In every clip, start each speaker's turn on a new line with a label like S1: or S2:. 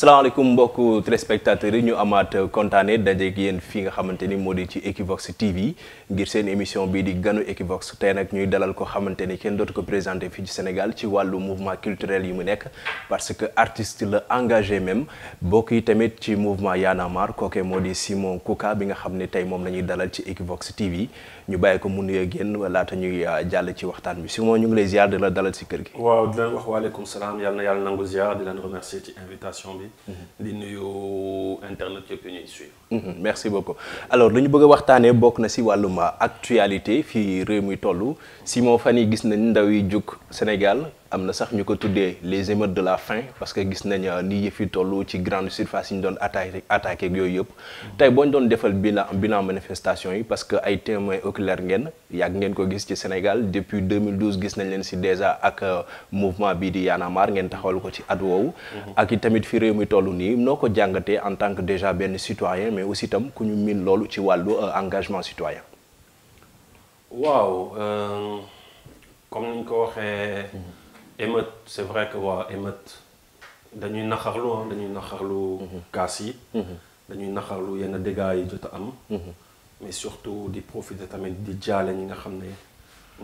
S1: salaamaaleykum mbokku téléspectateurs yi ñu amaat kontaane dajeeg yéen fi nga xamante ni moo di ci Equivox TV ngir seen émission bii di ganu Equivox tey nag ñuy dalal ko xamante ni kenn dootu ko présenté fii ci Sénégal ci wàllu mouvement culturel yi mu nekk parce que artiste la engagé même bokk yi tamit ci mouvement Y'en a marre moo di Simon Kouka bi nga xam ne tey moom la ñuy dalal ci Equivox TV ñu bàyyi ko mu nuyoo génn laata ñuy euh, jàll ci waxtaan bi Simon ñu ngi lay ziar di si kër gi.
S2: waaw di leen yàlla na yàlla nangu ziar di bi.
S1: Mm-hmm. di nuyu internet yëpp yu ñuy suivre. Mm-hmm. merci beaucoup alors lu ñu bëgg a waxtaanee bokk na si wàllum actualité fii réew mi toll moo fan yi gis nañ ndaw yi jug Sénégal. am na sax ñu ko tuddee les émeutes de la faim parce que gis nañ euh, ni yëf yi toll ci grande surface yi ñu doon attaqué attaqué ak yooyu yëpp tey boo ñu doon defal bilan bilan manifestation yi parce que ay témoins oculaires ngeen yàgg ngeen ko gis ci Sénégal depuis 2012 gis nañ leen si déjà ak euh, mouvement bii di Y'en a marre ngeen taxawal ko ci at woowu. Mhm. ak i tamit fi réew mi toll nii noo ko jàngatee en tant que déjà benn citoyen mais aussi tam ku ñu miin loolu ci wàllu euh, engagement citoyen.
S2: waaw ko waxee. Mhm. émeute c'est vrai que waa émeute dañuy naxarlu ah dañuy naxarlu mhm. kaas yi mhm. dañuy naxarlu yenn dégâts yi jot a am mhm. mais surtout di profiter tamit di jaale ñi nga xam ne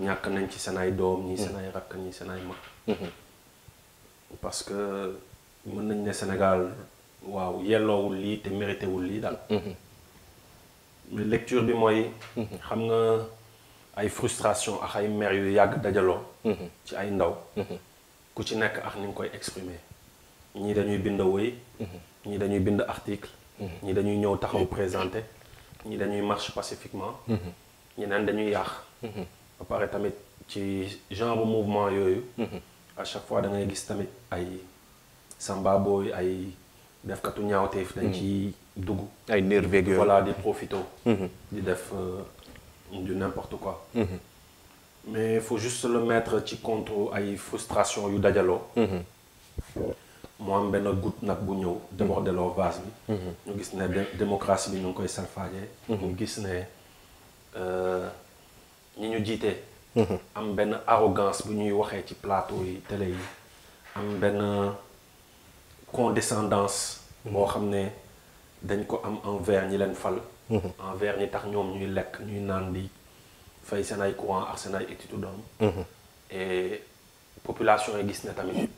S2: ñàkk nañ ci seen ay doom ñi seen ay rakk ñi seen ay mag parce que mën nañ ne Sénégal waaw yelloowul lii te méritéwul lii daal lecture bi mooy xam nga ay frustration ak ay mer yu yàgg dajaloo. Mhm. ci ay ndaw. Mhm. ku ci nekk ak ni nga koy exprimer ñii dañuy bind woy mhm. ñii dañuy bind article. ñii dañuy ñëw taxaw présenter. ñii dañuy marche pacifiquement. ñeneen dañuy yàq. ba tamit ci genre mouvement yooyu. à chaque fois da ngay gis tamit ay samba booy ay defkatu ñaawteef. dañ ci dugg. ay nerveux yooyu voilà di profito. di def. Euh, du n'importe quoi. Mhm. mais faut juste le mettre ci compte ay frustration yu dajaloo. Mhm. mu am benn goutte nag bu ñëw. débordeloo vase bi. Mhm. ñu gis ne démocratie bi ñu ngi koy salfaajee. ñu gis ne euh, ñi ñu jiite. am benn arrogance bu ñuy waxee ci plateau yi télé yi. am benn condescendance. boo xam ne dañ ko am envers ñi leen fal. envers ñi tax ñoom ñuy lekk ñuy naan di fay seen ay courant ak seen ay étudiants. et population yi gis na tamit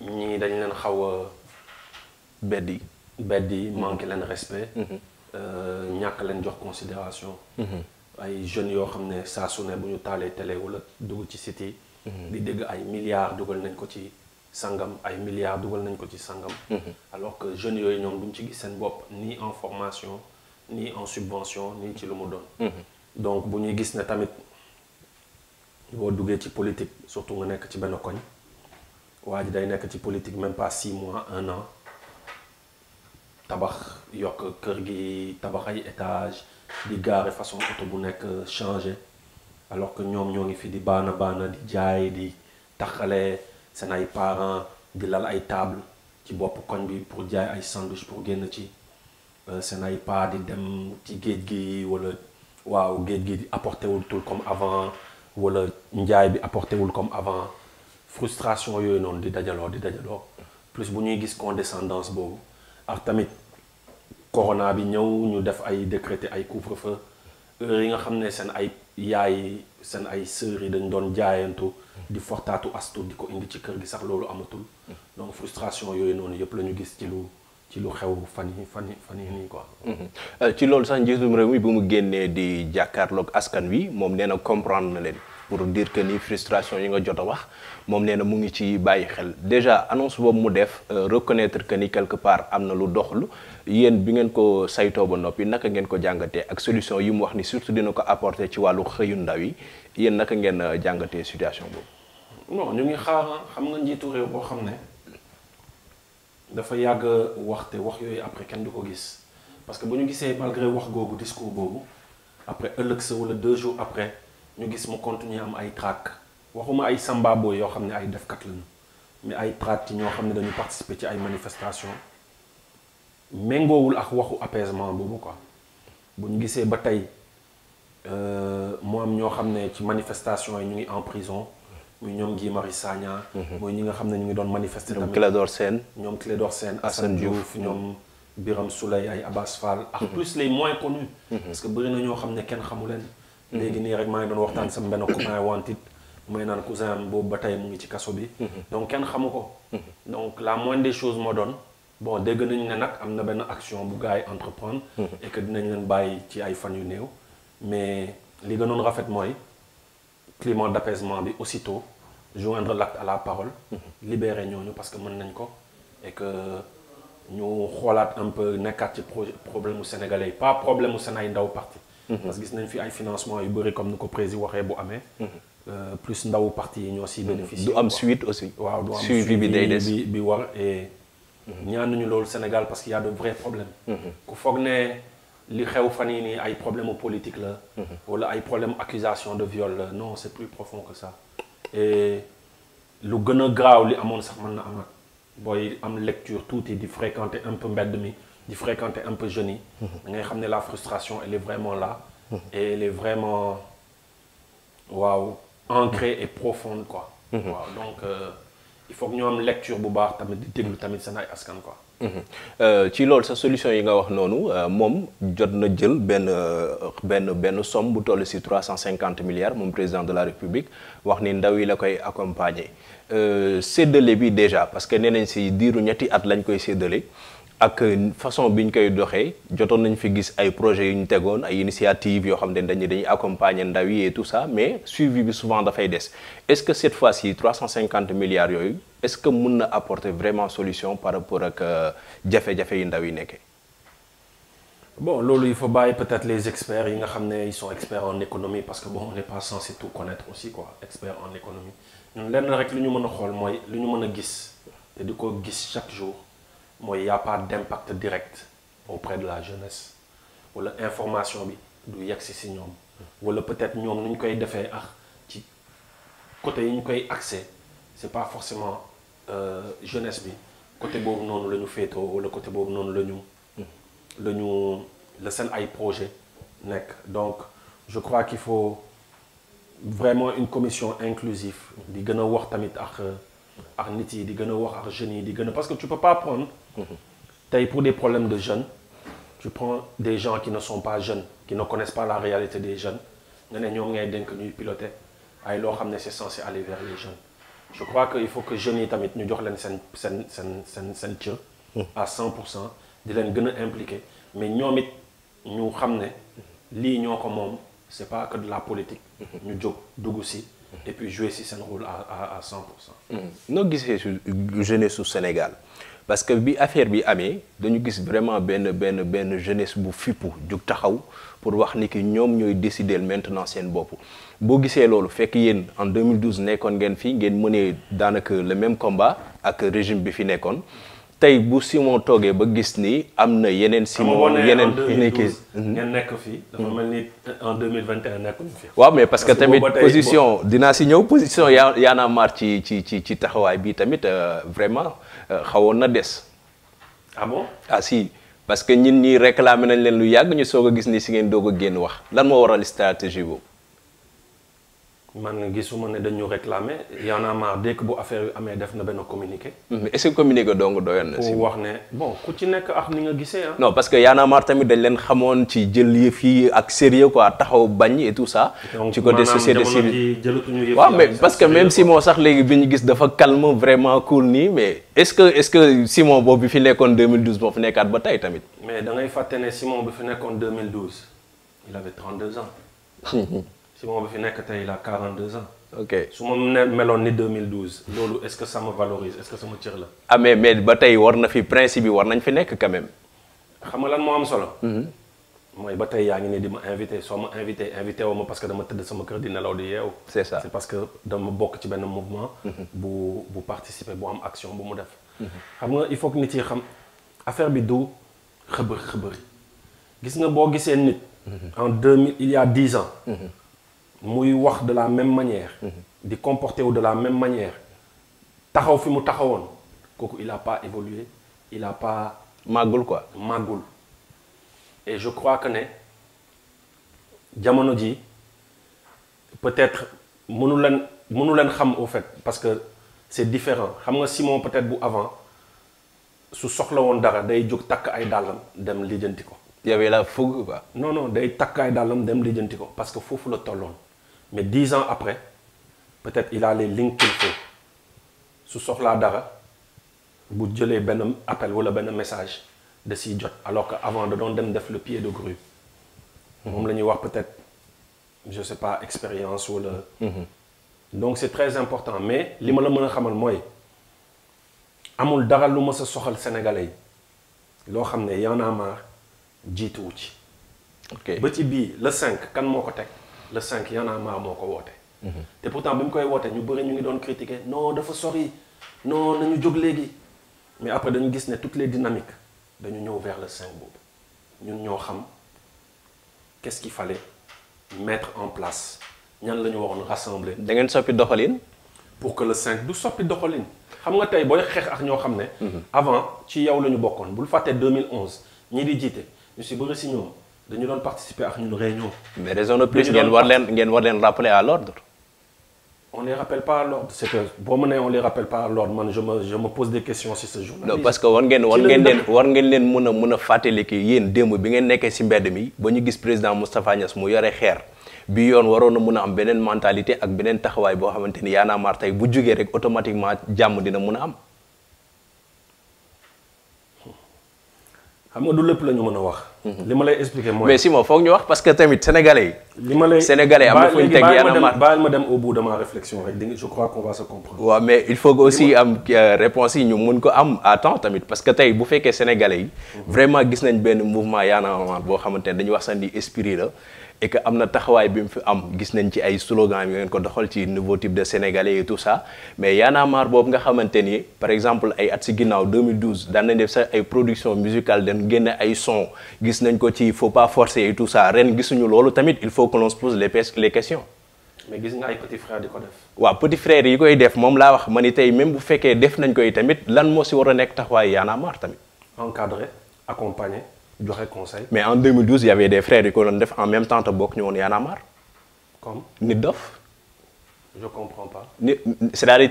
S2: ñii dañ leen xaw a beddi. beddi manqué leen respect. Euh, ñàkk leen jox considération. ay jeunes yoo xam ne saa su bu ñu taalee télé wala dugg ci siti di dégg ay milliards dugal nañ ko ci sangam ay milliards dugal nañ ko ci sangam. alors que jeunes yooyu ñoom duñ ci gis seen bopp ni en formation. ni en subvention ni ci lu mu doon. Mhm. donc bu ñuy gis ne tamit boo duggee ci politique surtout nga nekk ci benn koñ waa ji day nekk ci politique même pas six mois un an tabax yokk kër gi tabax ay étage di gaare façon oto bu nekk changé alors que ñoom ñoo ngi fi di baana baana di jaay di taxalee seen ay parent di lal ay table ci bopp koñ bi pour jaay ay sandwich pour génn ci. Euh, seen ay pas di dem ci géej gi walla waaw géej gi apporté wul tout comme avant wala njaay bi apporté wul comme avant frustration yooyu noonu di dajaloo di dajaloo plus bu ñuy gis condescendance boobu ak tamit corona bi ñëw ñu def ay décrété ay couvre-feu heure yi nga xam ne seen ay yaay seen ay sœurs yi doon jaayantu di fortaatu astu di ko indi ci kër gi sax loolu amatul donc frustration yooyu noonu yëpp la ñu gis ci lu ci lu xew fan yi fan fan yi nii quoi.
S1: Mhm. Euh, ci loolu sax njiitum réew mi bu mu génnee di jàkkaarloog askan wi moom nee na comprendre na leen pour dire que ni frustration yi nga jot a wax moom nee na mu ngi ci bàyyi xel déjà annonce boobu mu def euh, reconnaître que ni quelque part am na lu doxlu yéen bi ngeen ko saytoo ba noppi naka ngeen ko jàngatee ak solution yi mu wax ni surtout dina ko apporter ci wàllu xëyu ndaw yi yéen naka ngeen euh, jàngatee situation boobu.
S2: ñu ngi xaar xam nga njiitu réew boo xam ne. dafa yàgg wax te wax yooyu après kenn du ko gis parce que bu ñu gisee malgré wax googu discours boobu après ëllëg sa wala deux jours après ñu gis mu continuer am ay trac waxuma ay sambaaboo yoo xam ne ay defkat lañu mais ay trac ci ñoo xam ne dañu participer ci ay manifestations méngoowul ak waxu apaisement boobu quoi bu ñu gisee ba tey euh, mu am ñoo xam ne ci manifestation yi ñu ngi en prison. muy ñoom Guy Marius Sagna. Mhm. mooy ñi nga xam ne ñu ngi doon manifester. tamit ñoom Clédor Sène. ñoom Clédor Sène Assane Diouf ñoom. Biram Souley ay Abbas Fall. ak mhm. plus les moins connus. Mhm. parce que bëri na ñoo xam ne kenn xamu leen. léegi nii rek maa ngi doon waxtaan sa benn copain wantit may naan cousin am boobu ba tey mu ngi ci kaso bi. donc kenn xamu ko. donc la moindre de choses moo doon. bon dégg nañu ne nag am na benn action bu gars yi entreprendre. et que dinañ leen bàyyi ci ay fan yu néew. mais li gënoon rafet mooy. climat d'apaisement bi aussitôt joindre l'acte à la parole libérer ñooñu parce que mën nañ ko et que ñu xoolaat un nekkaat ci problème mu sénégalais yi pas problème mu Sénégal ay ndaw parti mhm. parce que gis nañ fi ay financement yu bëri comme nu ko président waxee bu amee mhm. euh, plus ndaw parti yi ñoo si mhm. bénéficier du am suite aussi waaw du am suivi bi day des bi war e ñaan nañu loolu Sénégal parce qu'il y a de vrais ku foog ne li xew fan yii nii ay problème politique la mhm. wala ay problème accusation de viol la non c'est plus profond que sa et lu gën a graaw li amoon sax mën na amaat booy am lecture tuuti di fréquenter un peu mbedd mi di fréquenter un peu jeunes yi mhm. ngay xam ne la frustration elle est vraiment la mhm. et elle vraiment waaw ancrée et profonde quoi donc euh, il faut que ñu am lecture bu baax tamit di déglu tamit seen ay askan quoi.
S1: Mhm. Euh, ci loolu sa solution yi nga wax noonu euh, moom jot na jël benn euh, benn benn somme bu toll si trois cent cinquante milliards moom président de la république wax ni ndaw yi la koy accompagner séddale bi déjà parce que nee nañ si diiru ñetti at lañ koy séddale. ak façon bi ñu koy doxee jotoon nañ fi gis ay projets yu ñu tegoon ay initiative yoo xam ne dañuy dañuy accompagner ndaw yi et tout ça mais suivi bi souvent dafay des est-ce que cette fois-ci 350 milliards yooyu est-ce que mun na apporter vraiment solution par rapport ak euh, jafe-jafe yi ndaw yi nekkee.
S2: bon loolu il faut bàyyi peut-être les experts yi nga xam ne ils sont experts en économie parce que bon on n'est pas censé tout connaître aussi quoi expert en économie ñun lenn rek lu ñu mën a xool mooy lu ñu mën a gis di ko gis chaque jour. mooy y a pas d'impact direct auprès de la jeunesse wala information bi du yegsi si ñoom wala peut-être ñoom nu ñu koy defee ah ci côté yi ñu koy accès c'est pas forcément euh, jeunesse bi côté boobu noonu la ñu féetoo wala côté boobu noonu la ñu la ñu la seen ay projet nekk donc je crois qu'il faut vraiment une commission inclusive di gën a wax tamit ak ak nit yi di gën a wax ak jeunes yi di gën a parce que tu peux pas prendre tey pour des problèmes de jeunes tu prends des gens qui ne sont pas ki qui ne connaissent pas la réalité des jeunes nga ne ñoom ngay dénk ñuy piloter ay loo xam ne c'est censé aller vers les jeunes je crois que il faut que jeunes yi tamit ñu jox leen seen seen seen seen seen cër hmm. à 100 pour cent di leen gën a impliqué mais ñoom it ñu xam ne lii ñoo ko moom c'est pas que de la politique hmm. ñu jóg dugg si et puis jouer si seen rôle à à à 100 pour cent
S1: hmm. noo gisee jeunesse su Sénégal parce que bi affaire bi amee dañu gis vraiment benn benn benn jeunesse bu fippu jug taxaw pour wax ni ki ñoom ñooy décider maintenant seen bopp boo gisee loolu fekk yéen en 2012 nekkoon ngeen fii ngeen mënee daanaka le même combat ak régime bi fi nekkoon tey bu Simon toogee ba gis ni am na yeneen. Simon yeneen yeneen kii
S2: mhm. ngeen nekk fii. dafa mel ni en 2021 nekkuñu fi. waaw mais parce que tamit position
S1: dinaa si ñëw position yaa yaa naa maar ci ci taxawaay bi tamit euh, vraiment euh, xawoon na des. ah bon ah si parce que ñin ñi réclamé nañ leen lu yàgg ñu soog a gis ni si ngeen doog a génn wax lan moo waral stratégie boobu. man gisuma ne dañu réclamer y en a marre dès que bu affaire yu amee def na benn communiqué. mais est-ce que communiqué dong doyoon na si. wax ne bon
S2: ku ci nga gisee ah.
S1: non parce que y a tamit dañ leen xamoon ci jël yëf yi ak sérieux quoi taxaw bañ et tout ça. ci côté société
S2: civile
S1: waaw mais parce que même Simon sax léegi bi ñu gis dafa calme vraiment cool nii mais est-ce que est-ce que Simon boo bi fi nekkoon 2012 moo fi nekkaat ba tey tamit.
S2: mais da ngay fàtte ne Simon bi fi nekkoon 2012 il avait 32 ans. Simon bi fi nekk tey la 42 ans. ok su ma meloon ni 2012 loolu est-ce que ça me valorise est-ce que sama cër la.
S1: amee ah, mais ba tey war na fi principe yi war nañ fi nekk quand
S2: xam nga lan moo am solo. Mm-hmm. mooy ba tey yaa ngi nii di ma invité soo ma invité invité woo ma parce que dama tëdd sama kër di nelaw di yeewu. c'est ça c'est parce que dama bokk ci benn mouvement. Mm-hmm. bu bu participer bu am action bu mu def. Mm-hmm. xam nga il faut que nit yi xam affaire bi du xëbër nga boo gisee nit. en deux mille il muy wax de la même manière. Mhm. di comporter wu de la même manière taxaw fi mu taxawoon kooku il a pas évolué il a pas. màggul quoi màggul. et je crois que ne jamono ji peut-être mënu leen mënu leen xam au fait parce que c'est différent xam nga Simon peut-être bu avant su soxla woon dara day jóg takk ay dàllam dem lijjanti ko. y avait la fougue quoi. non non day takk ay dàllam dem lijjanti ko parce que foofu la tolloon. mais dix ans après peut-être il a les su soxlaa dara bu jëlee benn appel wala benn message da si jot alors que avant da doon dem def le pied de grue moom la ñuy wax peut-être je sais pas expérience wala mhm. donc c'est très important mais li ma la mën a xamal mooy amul dara lu ma sa soxal sénégalais yi loo xam ne Y naa a marre jiituwu ci ba ci bii le cinq kan moo ko teg le cinq Y'en a moo ko woote. Mhm. te pourtant bi mu koy woote ñu bëri ñu ngi doon critiquer non dafa sori na ñu jóg léegi mais après dañu gis ne toutes les dynamiques dañu ñëw vers la 5 boobu ñun ñoo xam qu'est-ce qu'il fallait mettre en place ñan lañu waxoon waroon rassembler. da ngeen soppi doxalin. pour que le cinq du soppi doxalin xam nga tey booy xeex ak ñoo xam ne. Mhm. avant ci yow la ñu bokkoon bul fàtte 2011 ñii di jiite ñu si bëri si ñoom. dañu doon participer ak
S1: leen ngeen war
S2: boo ma nee on les rappelle pas à
S1: parce que war ngeen war ngeen leen war ngeen leen mën a mën a fàttali ki yéen démb bi ngeen nekkee si mbedd mi ba ñu gis président Moustapha Niass mu yore xeer. bi yoon waroon na mun a am beneen mentalité ak beneen taxawaay boo xamante ni Y'en a marre bu jugee rek automatiquement jàmm dina mun a am. xam nga du lépp la ñu mën a wax. Mhm. li ma lay expliquer mooy. mais Simon foog ñu wax parce que tamit sénégalais yi. li ma lay sénégalais am na fu ñu teg yenn ma
S2: baal ma dem au bout de ma réflexion rek je crois qu'on euh,
S1: yi ñu mën ko am à temps tamit parce que tey bu fekkee sénégalais yi. Mhm. vraiment gis nañ benn mouvement Y'en a marre boo xamante ne dañu wax sandi esprit la. et am na taxawaay bi mu fi am gis nañ ci ay slogan yu ngeen ko doxal ci nouveau type de sénégalais et tout ça mais Y en boobu nga xamante ni par exemple ay at si ginnaaw 2012 daan nañ def sax ay production musicale dañ génne ay son gis nañ ko ci faut pas forcer et tout ça ren gisuñu loolu tamit il faut que l'on se pose les les questions.
S2: mais gis nga ay petit frère di ko def.
S1: waaw petit frère yi koy def moom laa wax ma ni tey même bu fekkee def nañ koy tamit lan moo si war a nekk taxawaay Y en a marre joxe conseil. mais en 2012 il y avait des frères yu ko doon def en même temps te bokk ñu woon Y'en a marre. comme nit dof.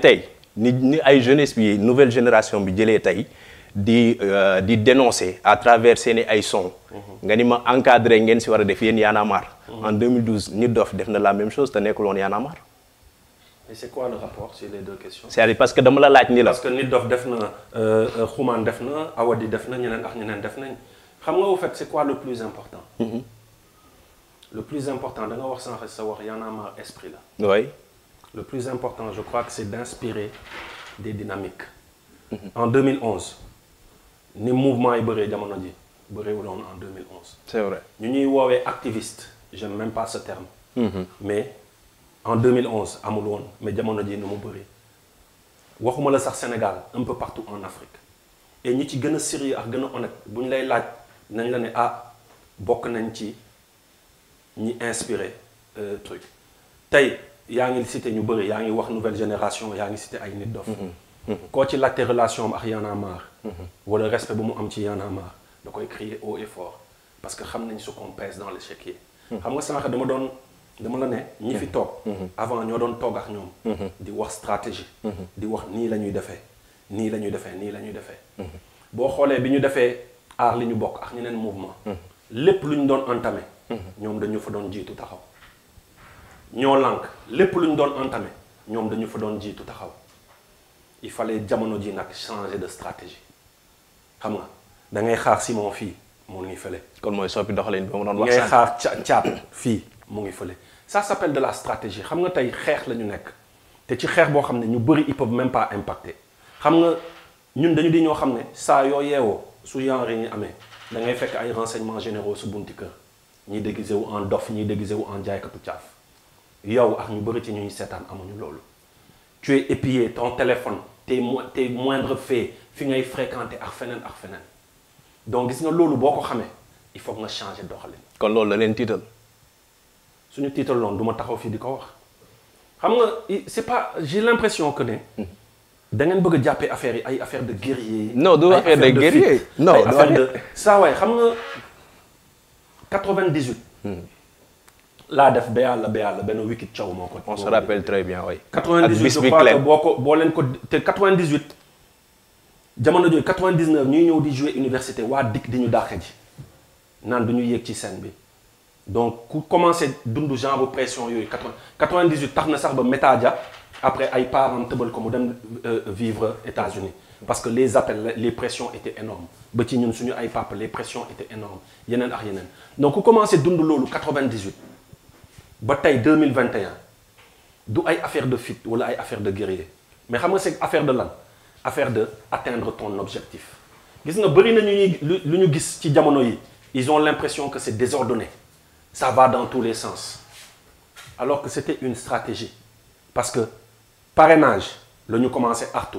S1: tey ni ni ay jeunesse bi nouvelle génération bi jëlee tey di euh, di dénoncer à travers seeni ay son. Mhm. nga ni ma encadré ngeen si war a def yéen a marre. Mhm. en 2012 nit dof def na la même chose te nekkul woon Y'en
S2: a le rapport
S1: parce que dama la laaj ni la. parce que nit dof def na xumaan euh, euh, def na
S2: awadi def na ñeneen ak ñeneen def nañ. xam nga au fait c'est quoi le plus important. Mm-hmm. le plus important da nga wax sànq sa wax Y'en a esprit
S1: la. oui. le plus
S2: important je crois que c'est d'inspirer des dynamiques. Mm -hmm. en 2011 ni mouvement yi bëree jamono ji bëreewuloon en 2011. c'est vrai ñu ñuy woowee activiste j'aime même pas ce terme. Mm -hmm. mais en 2011 amul woon mais jamono ji ni mu bëri waxuma la sax Sénégal un peu partout en Afrique et ñi ci gën a sérieux ak gën a honnête lay laaj. nañ la ne ah bokk nañ ci ñi inspiré euh, truc tey yaa ngi cité ñu bëri yaa ngi wax nouvelle génération yaa ngi cité ay nit dof mm-hmm. Mm-hmm. koo ci laajte relation am ak Y'en a marre mm-hmm. wala respect bu mu am ci Y'en da koy crier haut et parce que xam nañ ce qu'on pèse dans l'échiquier xam nga sànq dama doon dama la ne ñi fi toog avant ñoo doon toog ak ñoom di wax stratégie di wax nii la ñuy defee nii la ñuy defee nii la ñuy defee boo xoolee bi ñu defee aar ah. li ñu bokk ak ñeneen mouvement. Hmm. lépp lu ñu doon entamé. Hmm. ñoom dañu fa doon jiitu taxaw. ñoo lànk lépp lu ñu doon entamé ñoom dañu fa doon jiitu taxaw il fallait jamono ji nag changer de stratégie xam nga dangay ngay xaar Simon fii mu ngi fële. kon mooy soppi doxalin bi doon wax. ngay xaar caat fii mu ngi fële. sa s'appelle de la stratégie xam nga tey xeex la ñu nekk te ci xeex boo xam ne ñu bëri ils peuvent même pas impacter xam nga ñun dañu di ñoo xam ne saa yoo yeewoo. su genre yi amee da ngay fekk ay renseignements généraux su bunti kër ñiy déguisé wu en dof ñiy déguisé wu en jaaykatu caaf yow ak ñu bëri ci ñuy seetaan amuñu loolu tu es ton téléphone te mo tes moindres faits fi ngay fréquenté ak feneen ak feneen donc gis nga loolu boo ko xamee il faut nga changer doxalin.
S1: kon loolu la leen tiital.
S2: suñu tiital loon du ma taxaw fii di ko wax xam nga c'est pas j'ai l'impression que ne. Hmm. da ngeen bëgg a jàppee affaire yi ay affaire de guerrier.
S1: non du affaire de guerrier non du affaire de
S2: saa waay xam nga 98. Hmm. laa def ba yàlla ba yàlla benn wicked caw moo ko. on se rappelle
S1: bi 98 je crois que
S2: ko boo leen jamono jooju 99 ñuy ñëw di jouer université waa dikk di ñu dàq ji naan du ñu yéeg ci scène bi donc ku commencé dund genre pression yooyu 98 tax na sax ba métadia. après ay parents tëbal ko mu dem euh, vivre États-Unis parce que les appels les pressions étaient énormes ba ci ñun suñu ay papa les pressions étaient énormes yeneen ak yeneen donc ku commencé dund loolu 98 ba tey 2021 du ay affaire de fit wala ay affaire de guerrier mais xam nga c'est affaire de lan affaire de atteindre ton objectif gis nga bëri na ñuy lu ñu gis ci jamono yi ils ont l'impression que c'est désordonné ça va dans tous les sens alors que c'était une stratégie parce que parenage la ñu commencé artu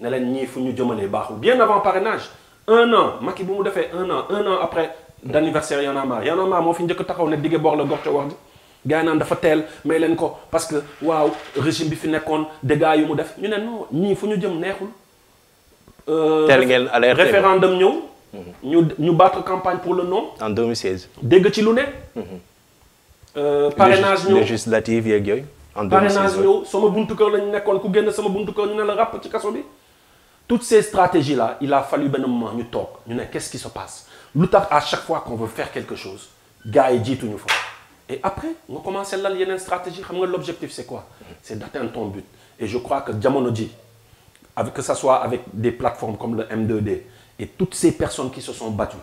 S2: ne leen ñii fu ñu jëmalee baaxul bien avant parrainage un an Macky bi mu defee un an un an après d'anniversaire Y'en a marre a moo fi njëkk taxaw ne dige boor la gor ca wax ji gars dafa teel may leen ko parce que waaw régime bi fi nekkoon dégâts yu mu def ñu ne non ñii fu ñu jëm neexul. Euh, teel ngeen alerte référendum ñëw. Mhm. ñu ñu battre campagne pour le non. en 2016. dégg ci lu ne. Mhm.
S1: Euh, parrainage ñëw législative yeeg yooyu. en 2016 parrainage ñëw
S2: sama buntu kër la nekkoon ku génn sama buntu kër ñu ne la ràpp ci kaso bi. toutes ces stratégies là il a fallu benn moment ñu toog ñu ne qu'est-ce qui se passe lu à chaque fois qu'on veut faire quelque chose gars yi jiituñu fa. et après nga commencé lal yeneen stratégie xam nga l'objectif c'est quoi c'est d'atteindre ton but et je crois que jamono ji avec que ça soit avec des plateformes comme le m d et toutes ces personnes qui se sont battues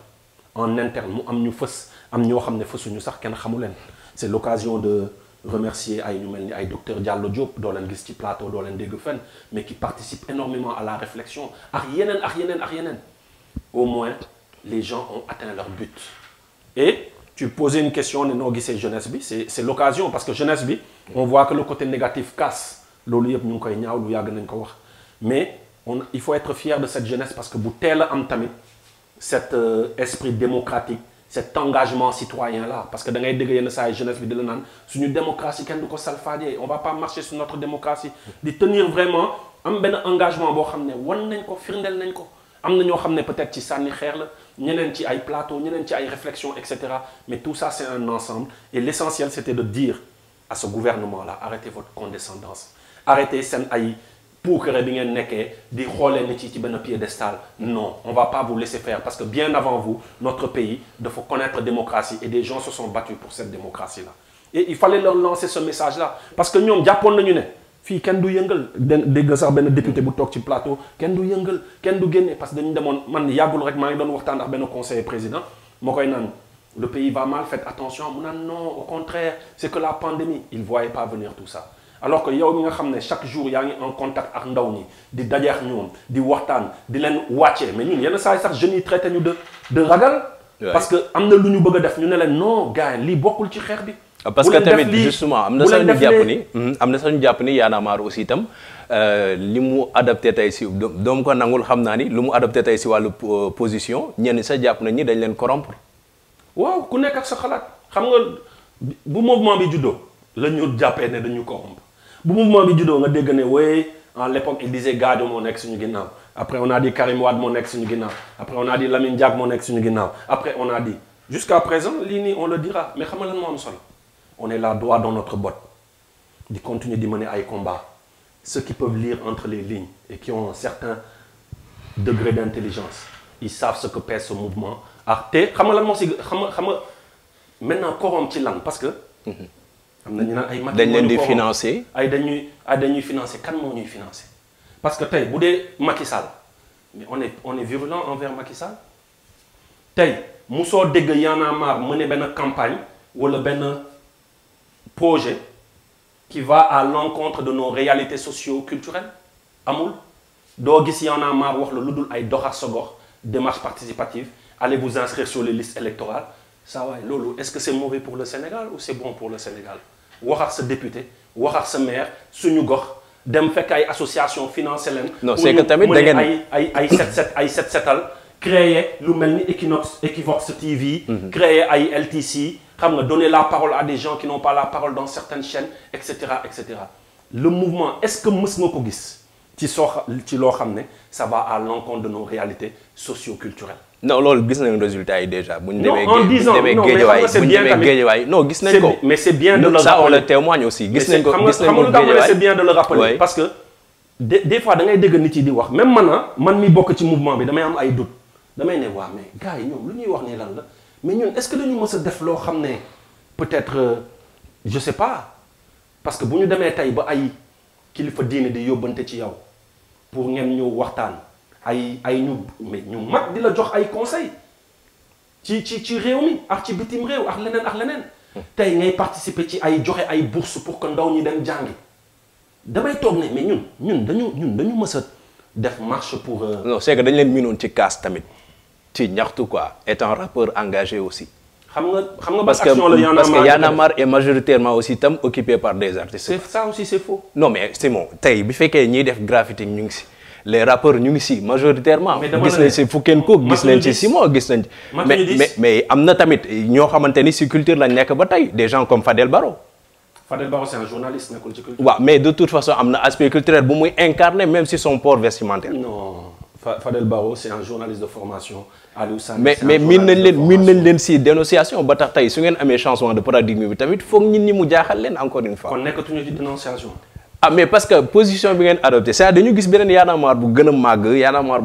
S2: en interne mu am ñu fës am ñoo xam ne fësuñu sax kenn xamu leen c'est l'occasion de remercier ay ñu mel ni ay docteur Diallo Diop doo leen gis ci plateau doo leen dégg fenn mais qui participe énormément à la réflexion ak yeneen ak yeneen yeneen au moins les gens ont atteint leur but et tu posais une question ne noo gisee jeunesse bi c'est c'est l'occasion parce que jeunesse bi on voit que le côté négatif casse loolu yëpp ñu ngi koy ñaaw lu yàgg nañ ko wax mais on il faut être fier de cette jeunesse parce que bu teel am tamit cet euh, esprit démocratique cet engagement citoyen là parce que da ngay dégg yenn saa yi jeunesse bi di la naan suñu démocratie kenn du ko salfaadee on va pas marcher sur notre démocratie di tenir vraiment am benn engagement boo xam ne wan nañ ko firndeel nañ ko am na ñoo xam ne peut-être ci sànni xeer la ñeneen ci ay plateau ñeneen ci ay réflexion et cetera mais tout ça c'est un ensemble et l'essentiel c'était de dire à ce gouvernement là arrêtez votre condescendance arrêtez seen puukare bi ngeen nekkee di xoolee nit yi ci benn piédestal non on va pas vous laisser faire parce que bien avant vous notre pays dafa connaître démocratie et des gens se sont battus pour cette démocratie là et il fallait lancer ce message là parce que ñoom jàppoon nañu ne fii kenn du yëngal dégg nga sax benn député bu toog ci plateau kenn du yëngal kenn du génne parce que dañu demoon man yàggul rek maa ngi doon waxtaan ak benn conseiller président moo koy naan le pays va mal faites attention mu naan non au contraire c'est que la alors que yow mi nga xam ne chaque jour yaa ngi en contact ak ndaw ñi di dajeex ñoom di waxtaan di leen wàcce mais ñun yenn saa yi sax jeunes yi traité ñu de de ragal. parce que am na lu ñu bëgg a def ñu ne leen non gars yi lii bokkul ci
S1: xeex bi. Ah, parce que tamit justement am na sax ñu jàpp ni am na sax jàpp ni Y'en a marre aussi itam euh, mu adapté tey si doom ko nangul xam naa ni lu mu adapté tey si wàllu position ñenn sa jàpp nañ ni dañ leen corrompre.
S2: waaw ku nekk ak sa xalaat xam nga bu mouvement bi juddoo la ñu jàppee ne dañu corrompre bu mouvement bi juddoo nga dégg ne wooye à l'époque il disait Gadio moo nekk suñu ginnaaw après on a dit Karim Wade moo nekk suñu ginnaaw après on a dit Lamine Diack moo nekk suñu ginnaaw après on a dit jusqu'à présent lii nii on le dira mais xam nga lan moo am solo on est là droit dans notre botte di continuer di mener ay combat ceux qui peuvent lire entre les lignes et qui ont un certain degré d'intelligence ils savent ce que pèse ce mouvement ah te xam nga lan moo si xam nga xam nga maintenant ci lan parce que mhm. am na ñu naan ay mag dañ leen di financer ay dañuy ay dañuy financer kan moo ñuy financer parce que tey bu dee Macky Sall mais on est on est virulent envers Macky Sall tey musoo dégg Y'en a marre mener benn campagne wala benn projet qui va à l'encontre de nos réalité socio-culturelles amul doo gis Y'en a marre wax la lu dul ay doxar sa gox démarche participative allez vous inscrire sur les listes électorales ça va loolu est-ce que c'est mauvais pour le Sénégal ou c'est bon pour le Sénégal waxaat sa député waxaat sa maire suñu gox dem fekk ay association financé leen. non c'est que da ngeen ay ay ay set set ay setal créer lu mel ni Equinox Equivox TV. Mhm. créer ay LTC xam nga donner la parole à des gens qui n'ont pas la parole dans certaines chaînes et cetera et cetera le mouvement est-ce que mës nga ko gis ci soo ci loo xam ne ça va à l'encontre de nos réalités socio-culturelles.
S1: non loolu gis nañu résultat yi déjà. bu ñu demee géejewaay bu ñu demee géejewaay non gis nañ ko. mais c'est bien de le rappeler ça on le témoigne aussi. gis nañ ko gis nañ bien de le rappeler parce que
S2: des des fois da ngay dégg nit yi di wax même man ah man mi bokk ci mouvement bi damay am ay doute damay ne waa mais gars yi ñoom lu ñuy wax ne lan la mais ñun est-ce que dañu mës a def loo xam ne peut-être euh, je sais pas parce que bu ñu demee tey ba ay kilifa diine di yóbbante ci yow pour ngeen ñëw waxtaan. ay ay ñu mais ñu mag di la jox ay conseil ci ci ci réew mi ak ci bitim réew ak leneen ak leneen tey ngay participer ci ay joxe ay bourse pour que ndaw ñi dem jàngi damay toog ne mais ñun ñun dañu ñun dañu mës a def marche pour euh,
S1: non c'est que dañ leen minoon ci casse tamit ci ñaxtu quoi étant rappeur engagé aussi
S2: xam nga xam nga parce que parce que Y'en a
S1: marre est majoritairement aussi tam occupé par des artistes c'est ça aussi c'est mais c'est bon tey bi fekkee ñiy def graffiti ñu ngi si les rapport ñu ngi si majoritairement. gis nañ si Foukenkook gis nañ si Simon gis nañ. mais mais am na tamit ñoo xamante ni si culture lañ nekk ba tey des gens comme Fadel Barro. Fadel Barro mais de toute façon am na aspect culturel bu muy incarner même si son port vestimentaire. non formation. Aliou mais mais miin nañ leen miin nañ leen si dénonciation ba tax tey su ngeen amee changement de paradigme bi tamit foog ñit ñi mu jaaxal leen encore une fois. kon nekkatuñu ci ah mais parce que position bi ngeen adopté c'est dañu gis beneen Y'en a marre bu gën a màgg Y'en a marre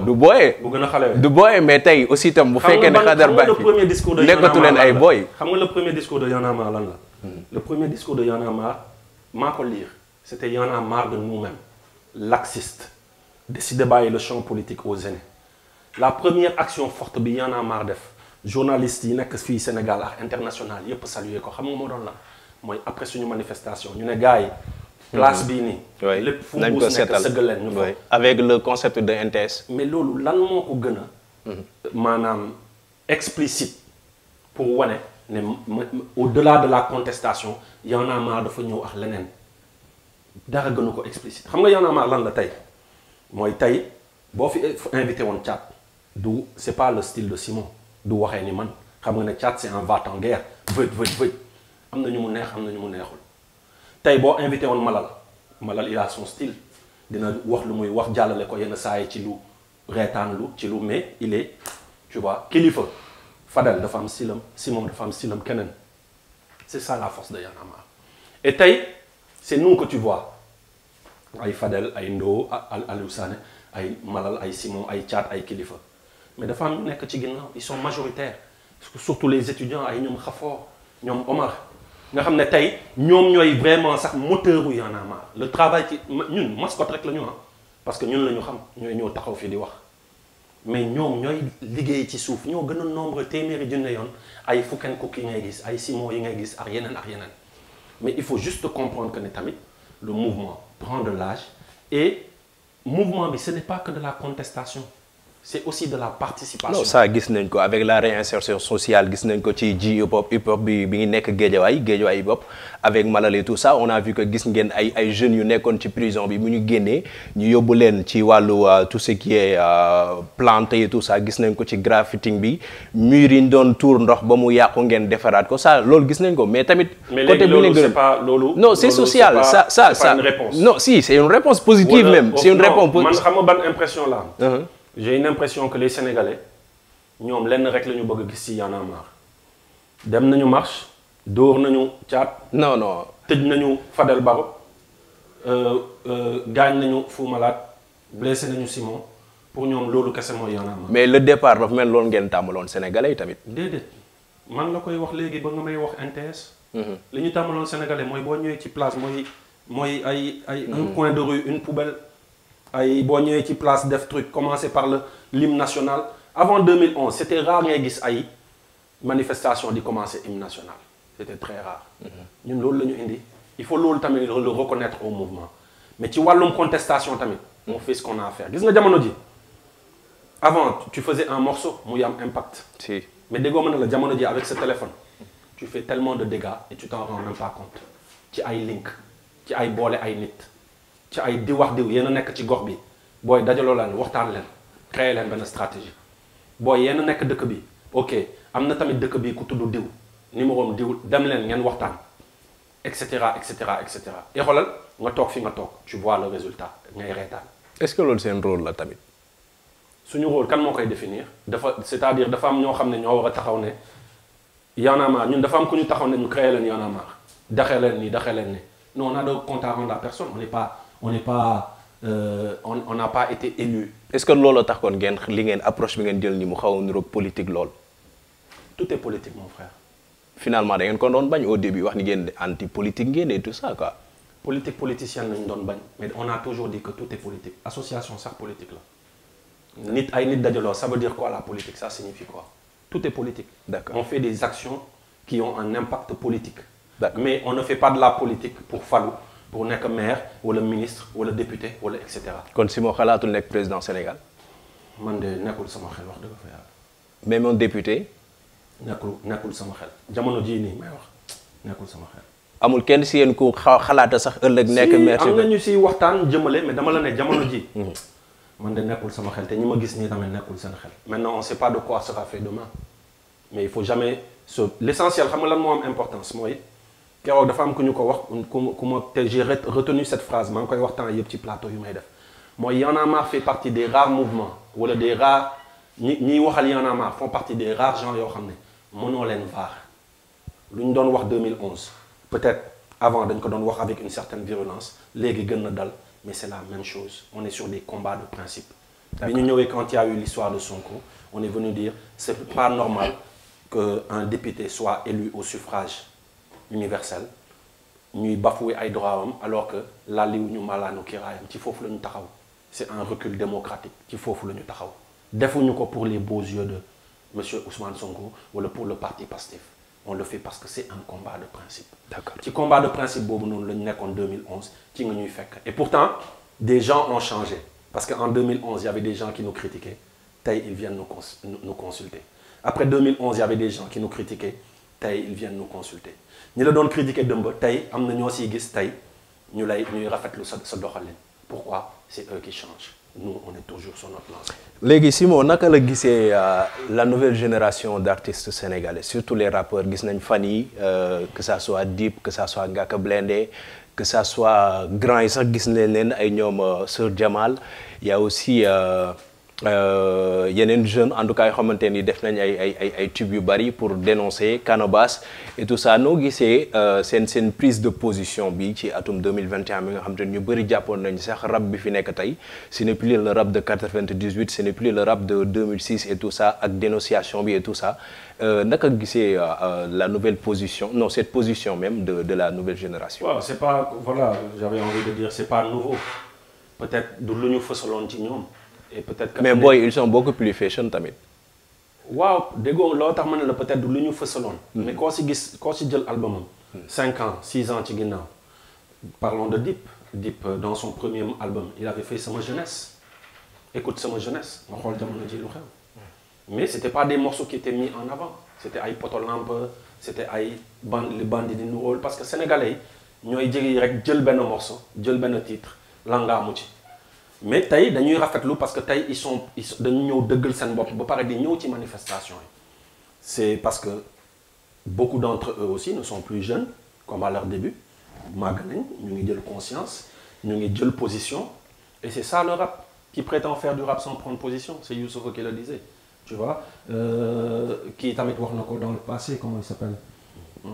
S1: bu mais tey aussi itam bu fekkee ne. xadar ba
S2: fi nekkatu leen ay booy. xam nga le premier discours de Y'en a marre lan la. le premier discours de Y'en a maa ko lire c'était Y'en a marre de nous-mêmes laxiste décider bàyyi le champ politique aux aînés la premier action fort bi Y'en a def journalistes yi nekk fii Sénégal ak international yépp saluer ko xam nga moo doon lan mooy après suñu manifestation ñu ne gars yi. place mhm. bii nii. oui lépp fu mu nekk sëggal leen ñu fa.
S1: avec le concept
S2: de NTS. mais loolu lan moo ko gën a. Mhm. maanaam explicite pour wane ne au-delà de la contestation Y en dafa ñëw ak leneen dara gënu ko explicite xam nga Y a marre lan la tey mooy tey boo fi invité woon Thiat du c'est pas le style de Simon du waxee ni man xam nga ne Thiat c'est un va vëj vëj vëj. am na ñu mu neex am na ñu mu neexul tey boo invité woon Malal Malal il a style dina wax lu muy wax jàllale ko yenn saa ci lu reetaan lu ci lu mais il est tu kilifa Fadel dafa am silam Simon dafa am silam keneen c'est ça la force de Y'en a marre tey c'est nous que tu ay Fadel ay Ndo Aliou ay Malal ay Simon ay Thiat ay kilifa mais dafa am nekk ci ginnaaw ils sont majoritaires surtout les étudiants ay ñoom Khafor ñoom Omar nga xam ne tey ñoom ñooy vraiment sax moteur yu Y en a marre le travail ci ñun mascotte rek la ñu ah parce que ñun la ñu xam ñooy ñëw taxaw fii di wax mais ñoom ñooy liggéey ci suuf ñoo gën a nombre téeméeri junne yoon ay fukken cook yi ngay gis ay simon yi ngay gis ak yeneen ak yeneen mais il faut juste comprendre que ne tamit le mouvement prend de l'âge et mouvement bi ce n'est pas que de la contestation c'est aussi de la participation. non
S1: gis nañ ko avec la réinsertion sociale gis nañ ko ci ji hip hop hip hop bi bi ngi nekk géejawaay géejawaay hip hop avec Malal et tout ça on a vu que gis ngeen ay ay jeunes yu nekkoon ci prison bi mu ñu génnee ñu yóbbu leen ci wàllu euh, tout ce qui est euh, plante et tout gis nañ ko ci graffiting bi mur yi doon tuur ndox ba mu yàqu ngeen defaraat ko ça loolu gis nañ ko mais tamit. côté bu ne pas loolu. non c'est social ça ça ça non si c'est une réponse positive même. c'est une réponse man xam
S2: nga ban impression la j'ai une impression que les Sénégalais ñoom lenn rek la ñu bëgg a gis ci Y'en dem nañu marche dóor nañu caat. non non tëj nañu
S1: Fadel Barro euh, euh, gaañ nañu Fou Malade blessé nañu Simon pour ñoom loolu kese mooy Y'en a mais le départ dafa mel loolu ngeen tàmbaloon Sénégalais yi tamit. déedéet
S2: man la koy wax léegi ba nga may wax NTS. Mhm. li ñu tàmbaloon Sénégalais mooy boo ñëwee ci place mooy mooy ay ay. un mhm. coin de rue une poubelle. ay boo ñëwee ci place def truc commencer par le l'hymne national avant 2011 c'était rare ngay gis ay manifestation di commencer hymne national c'était très rare mhm. ñun loolu la ñu indi il faut loolu tamit le reconnaître au mouvement mais ci wàllum contestation tamit on fait ce qu'on a à gis nga jamono ji avant tu faisais un morceau mu am impact si mais déggoo mën na la jamono ji avec ce téléphone tu fais tellement de dégâts et tu t'en rends même pas compte ci ay link ci ay boole ay nit ci ay di wax diw yéen a nekk ci gox bi booy dajaloo leen waxtaan leen créer leen benn stratégie booy yéen a nekk dëkk bi ok am na tamit dëkk bi ku tudd diw numéroom diw dem leen ngeen waxtaan et cetera et cetera et cetera et xoolal nga toog fi nga toog tu vois le résultat ngay reetaan.
S1: est-ce que loolu seen rôle la tamit.
S2: suñu rôle kan moo koy définir dafa c'est-à-dire dafa am ñoo xam ne ñoo war a taxaw ne Y'en a marre ñun dafa am ku ñu taxaw ne ñu créer leen Y'en a daxee leen nii daxee leen ne non
S1: on a de compte personne on n'est on
S2: n'est pas
S1: euh, on on n'a pas été élu. est-ce que loolu tax kon ngeen li ngeen approche bi ngeen jël ni mu xaw a niroog politique lool. tout est politique mon frère. finalement da ngeen doon bañ au début wax ni ngeen anti politique ngeen tout ça quoi. politique politicienne lañ doon bañ
S2: mais on a toujours dit que tout est politique association sax politique la. nit ay nit dajaloo ça veut dire quoi la politique ça signifie quoi. tout est politique. d'accord on fait des actions qui ont un impact politique. pour Fallou.
S1: pour nekk maire wala ministre wala député wala et cetera. kon si moo xalaatul nekk président Sénégal. man de nekkul sama xel wax dëgg fa yàlla. mais moom député. nekkul nekkul sama xel jamono jii nii may wax nekkul sama xel. amul kenn si yéen ku xaw xalaata sax ëllëg. nekk maire si am na
S2: ñu si waxtaan jëmale mais dama la ne jamono ji
S1: mm-hmm. man de nekkul
S2: sama xel te ñi ma gis nii tamit nekkul seen xel. maintenant on sait pas de quoi sera fait demain mais il faut jamais se l' essentiel xam nga lan moo am importance mooy. keroog dafa am ku ko wax ku ma te j'ai retenu cette phrase maa ngi koy wax temps yëpp ci plateau yu may def mooy Y'en a marre fait partie des rares mouvements wala de rares ñi ñiy waxal Y'en fo marre font partie des rares gens yoo xam ne mënoo leen vaar lu ñu doon wax 2011 peut-être avant dañ ko doon wax avec une certaine virulence léegi gën na dal mais c'est la même chose on est sur des combats de principe bi ñu ñëwee quand il y a eu l'histoire de Sonko on est venu dire c'est pas normal que un député soit élu au suffrage universel ñuy bafouer ay droit am alors que laliwuñu malaanu kiraayam ci foofu la ñu taxaw c'est un recul démocratique ci foofu la ñu taxaw defuñu ko pour les beaux yeux de monsieur Ousmane Sonko wala le parti Pastef on le fait parce que c'est un combat de principe. d'accord ci combat de principe boobu noonu la ñu nekkoon 2011 ci nga ñuy fekk et pourtant des gens ont changé parce que en 2011 y avait des gens qui nous critiquaient tey ils viennent nous cons nous consulter après 2011 y ñi la doon critiquer dëmb tey am na ñoo siy gis tey ñu lay ñuy rafetlu sa sa doxalin pourquoi c'est eux qui changent nous on est toujours sur notre lancée.
S1: léegi Simon naka la gisee euh, la nouvelle génération d'artistes sénégalais surtout les rappeurs gis nañ fan yi euh, que ça soit Dip que ça soit Ngaka Blindé que ça soit grand yi sax gis ne leen ay ñoom euh, Sir Jamal y a aussi. Euh, yeneen jeune en tout cas yoo xamante ni def nañ ay ay ay yu bari pour dénoncer Canabasse et tout sa noo gisee euh, seen seen prise de position bi ci atum 2021 mi nga xam te ñu bëri jàppoon nañ sax rap bi fi nekk tey ce n'est plus le rap de 98 ce n'est plus le rap de 2006 et tout ça ak dénonciation bi et tout ça euh, naka gisee la nouvelle position no cette position même de de la nouvelle génération. waaw
S2: c'est pas voilà j'avais envie de dire c'est pas nouveau peut-être du lu ñu fësaloon ci ñoom. et peut-être mais booy
S1: ils sont beaucoup plus fashion tamit.
S2: waaw déggoo loo tax ma ne la peut-être lu ñu fësaloon. Hmm. mais koo si gis koo si jël albumam. 5 hmm. ans 6 ans ci ginnaaw. parlons de Dip. Dip euh, dans son premier album il avait fait Sama jeunesse. écoute Sama jeunesse nga xool jamono ji lu xew. mais c'était pas des morceaux qui étaient mis en avant c'était ay poto lampe c'était ay band li bandi di nu parce que sénégalais yi ñooy jéggi rek jël benn morceau jël benn titre la nga ci. mais tey dañuy rafetlu parce que tey ils sont ils sont dañu ñëw dëggal seen bopp ba pare di ñëw ci manifestation yi c'est parce que beaucoup d'entre eux aussi ne sont plus jeunes comme à leur début màgg nañ ñu ngi jël conscience ñu ngi jël position et c'est ça le rap qui prétend faire du rap sans prendre position c'est Youssoupha qui le disait tu kii euh, tamit wax na ko dans le passé comment il s'appelle
S1: hmm,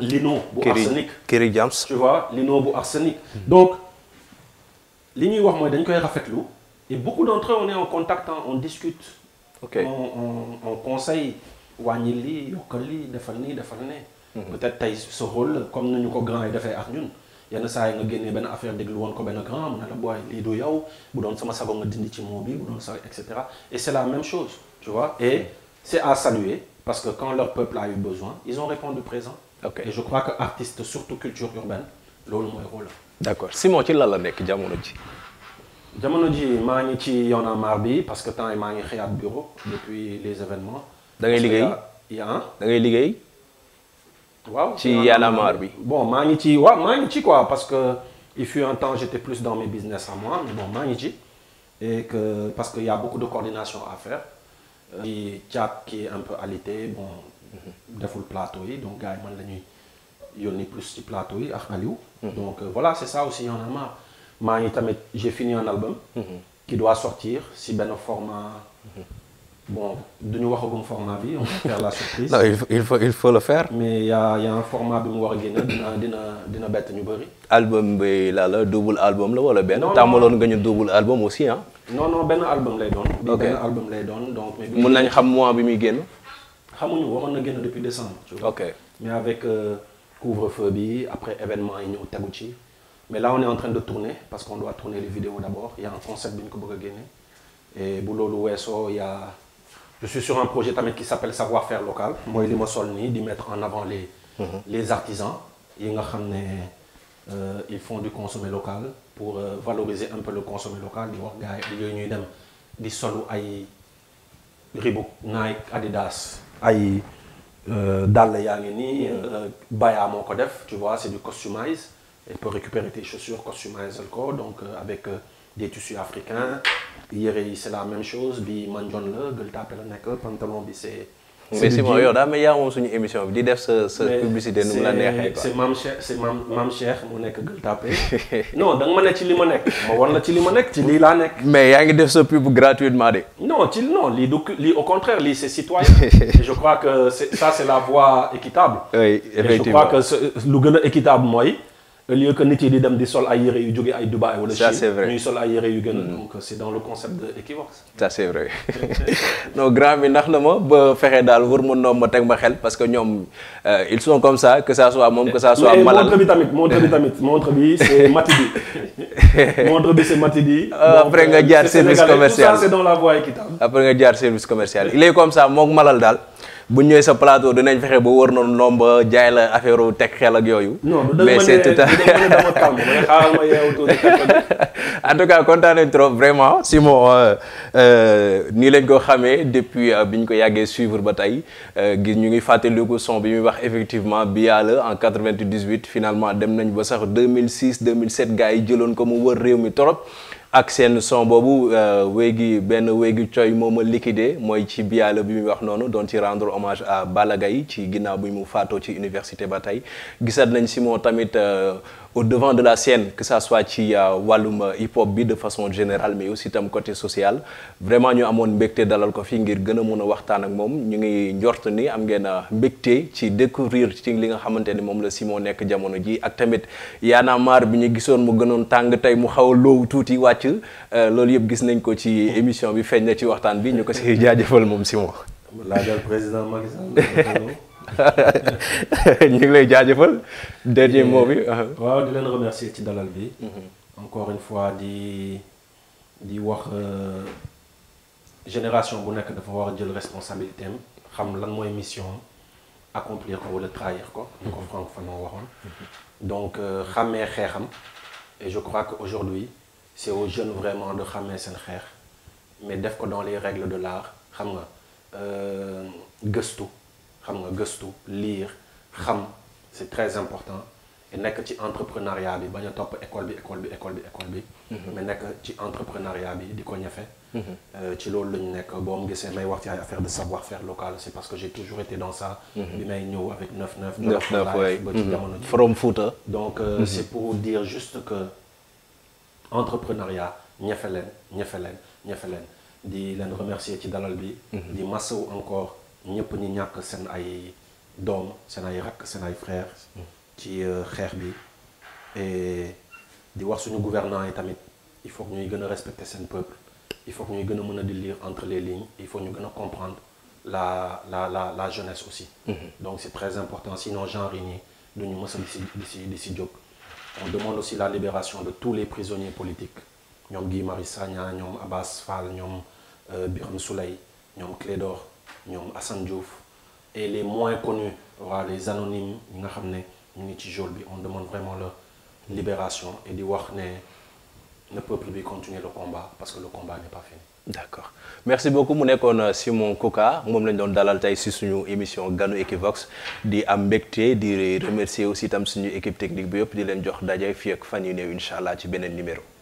S1: Lino bu Arsenic Kerry James tu
S2: vois Lino bu Arsenic donc li ñuy wax mooy dañ koy rafetlu et beaucoup d'entre eux on est en contact on discute. ok on on on conseille wàññi lii yokkal lii defal ni defal ne. Mhm. peut-être tey sa rôle ni ñu ko grand yi defee ak ñun yenn saa yi nga génnee benn affaire déglu woon ko benn grand mu ne la booy lii du yow bu doon sama nga dindi ci moo bi bu doon sa et cetera et c'est la même chose tu vois et mhm. c'est à saluer parce que quand leur peuple a eu besoin ils ont répondu présent. ok je crois que artistes loolu mooy rôle
S1: d'accord Simon ci lan la nekk jamono ji. jamono ji maa ngi
S2: ci Y'en a marre bi parce que temps yi maa ngi xëyaat bureau depuis les événements. da ngay liggéey yaa
S1: da ngay liggéey. waaw ci Y'en a marre bi.
S2: bon maa ngi ci waaw maa ngi ci quoi parce que il fut un temps j'étais plus dans mes business à moi bon maa ngi ci. et que parce que y a beaucoup de coordination à faire. Euh, ci Thiat qui est un peu alité bon mhm. deful plateau yi donc gars yi man la ñuy yónni plus ci plateau yi ak Aliou. Mhm. donc euh, voilà c'est ça aussi Y'en a marre maa ngi tamit j'ai fini un album. Mhm. qui doit sortir si benn format. Mhm. bon duñu waxagum format bi on va la surprise. il faut il faut il faut mais y a y a un format bi mu war a génne dina dina bett ñu bëri.
S1: album bi laa la double album la wala benn. non tàmmaloon nga ñu double album aussi ah. non
S2: non benn album lay doon. ok benn album lay doon donc. mun nañ xam
S1: mois bi muy génn.
S2: xamuñu waroon na génn depuis décembre. ok mais euh, couvre-feu bi après événement yi ñëw tegu ci mais la on est en train de tourner parce qu'on doit tourner les vidéos d'abord il y a un concept bi ñu ko bëgg a génne et y a je suis sur un projet tamit qui s'appelle savoir-faire local mooy li ma sol nii di mettre en avant les mhm. les artisans yi nga xam ne euh, ils font du consommé local pour euh, valoriser un peu le consommé local di wax gars yi yooyu ñuy dem di ay Reebok Nike Adidas Euh, dàll yaa ngi nii euh, Baya moo ko def tu vois c'est du customise il peut récupérer tes chaussures customise ko donc euh, avec des tissus africains
S1: yére yi c'est la même chose bi manjon la gël tàppe la nekk pantalon bi c'est mais Simon yow daa mel yaa moom suñu émission bi di def sa sa publicité nu mu la neexee quoi. c'est maam Cheikh c'est maam maam Cheikh mu nekk non da nga ma ne ci li ma nekk ma war la ci li ma nekk ci lii laa nekk. mais yaa ngi def sa pub gratuitement de.
S2: non ci non li du lii au contraire lii c'est citoyen je crois que c'est ça c'est la voie équitable.
S1: oui effectivement
S2: lu gën a équitable mooy.
S1: au lieu que nit yi di dem di sol ay yére yu jóge ay Dubaï wala Chine ñuy sol ay yére yu gën a donc c' est dans le concept de Equivox ça c' est vrai non grand bi ndax na ma ba fexe daal wër ma noom ma teg ma xel parce que ñoom euh, ils sont comme ça que ça soit moom que ça soit malal montre bi tamit montre bi tamit montre
S2: bi c' est Matidi
S1: montre bi c' est Matidi ah, après nga euh, jaar service commercial tout ça c' est
S2: dans la voie équitable
S1: après nga jaar service commercial il est comme ça moom malal daal bu ñëwee sa plateau dinañ fexe ba wër na ndomba jaay la affaire teg xel ak yooyu. mais c'est tout à fait en tout cas kontaan nañ trop vraiment Simon euh, euh, nii lañ ko xamee depuis euh, bi ñu ko yàggee suivre ba tey gis ñu ngi fàttaliku son bi muy wax effectivement bi yàlla en 98 finalement dem nañ ba sax 2006 2007 gars yi jëloon ko mu wër réew mi trop. ak seen son boobu euh, wéegi benn wéegi coy mooma liquidé mooy ci biyaala bi muy wax noonu doon ci rendre hommage à Balla Gaye ci ginnaaw bi mu faatoo ci université ba tey gisat nañ si moo tamit euh, au devant de la scène que ça soit ci euh, wàllum euh, hip hop bi de façon générale mais aussi tam côté social vraiment ñu amoon mbégte dalal ko fii ngir gën a mun a waxtaan ak moom ñu ngi njort ni am ngeen a euh, mbégte ci découvrir ci li nga xamante ni moom la Simon nekk jamono ji ak tamit Y'en a marre bi ñu gisoon mu gënoon tàng tey mu xaw a loowu tuuti wàcc loolu yëpp gis nañ ko ci émission bi feeñ na ci waxtaan bi ñu ko si jaajëfal moom Simon. laajal président Macky Sall ñu ngi lay jaajëfal dernier mot bi. Uh-huh. waaw
S2: di leen remercier ci dalal bi. Mm-hmm. encore une fois di di wax euh, génération bu nekk dafa war a jël responsabilité am xam lan mooy mission accomplir ko wala trahir ko. ñu ko mm-hmm. Franck Fanon waxoon.
S1: Mm-hmm.
S2: donc euh, xàmmee xeexam. et je crois que aujourd'hui c'est aux jeunes vraiment de xàmmee seen xeex mais def ko dans les règles de l'art xam nga euh, gëstu. xam nga gëstu lire xam c'est très important et nekk ci entrepreneuriat bi bañ a topp école bi école bi école bi école bi mhm. mais nekk ci entrepreneuriat bi di ko ñefe mhm. euh, ci loolu la ñu nekk boo mu gisee may wax ci ay affaire de savoir faire local c'est parce que j'ai toujours été dans ça mhm. bi may ñëw donc euh, pour dire juste que entrepreneuriat ñefe leen ñefe leen ñefe leen di leen remercier ci dalal bi di massawu encore ñëpp ñu ñàkk seen ay doom seen ay rakk seen ay frère ci euh, xeex bi et di wax suñu gouvernants yi tamit il faut que ñuy gën a respecter seen peuple il faut que ñuy gën a mën a di liir entre les lignes il faut ñu gën a comprendre la la la la jeunesse aussi mm-hmm. donc c'est très important sinon genre yi nii duñu mës a di si di si di on demande aussi la libération de tous les prisonniers politiques ñoom Guy Marius Sagna ñoom Abass fal ñoom euh, Birame Souleye ñoom Clédor ñoom Assane Diouf et les moins connus waa les anonymes ñi nga xam ne ñu ngi ci jour bi on demande vraiment leur
S1: libération et di wax ne le peuple bi continuer
S2: le combat parce que le
S1: combat n'est pas fini. d'accord merci beaucoup mu nekkoon euh, Simon Kouka moom lañ doon dalal tey si suñu émission ganu Equivox di am mbégte di remercier aussi itam suñu équipe technique bi yëpp di leen jox daje fii ak fan yu néew incha allah ci beneen numéro.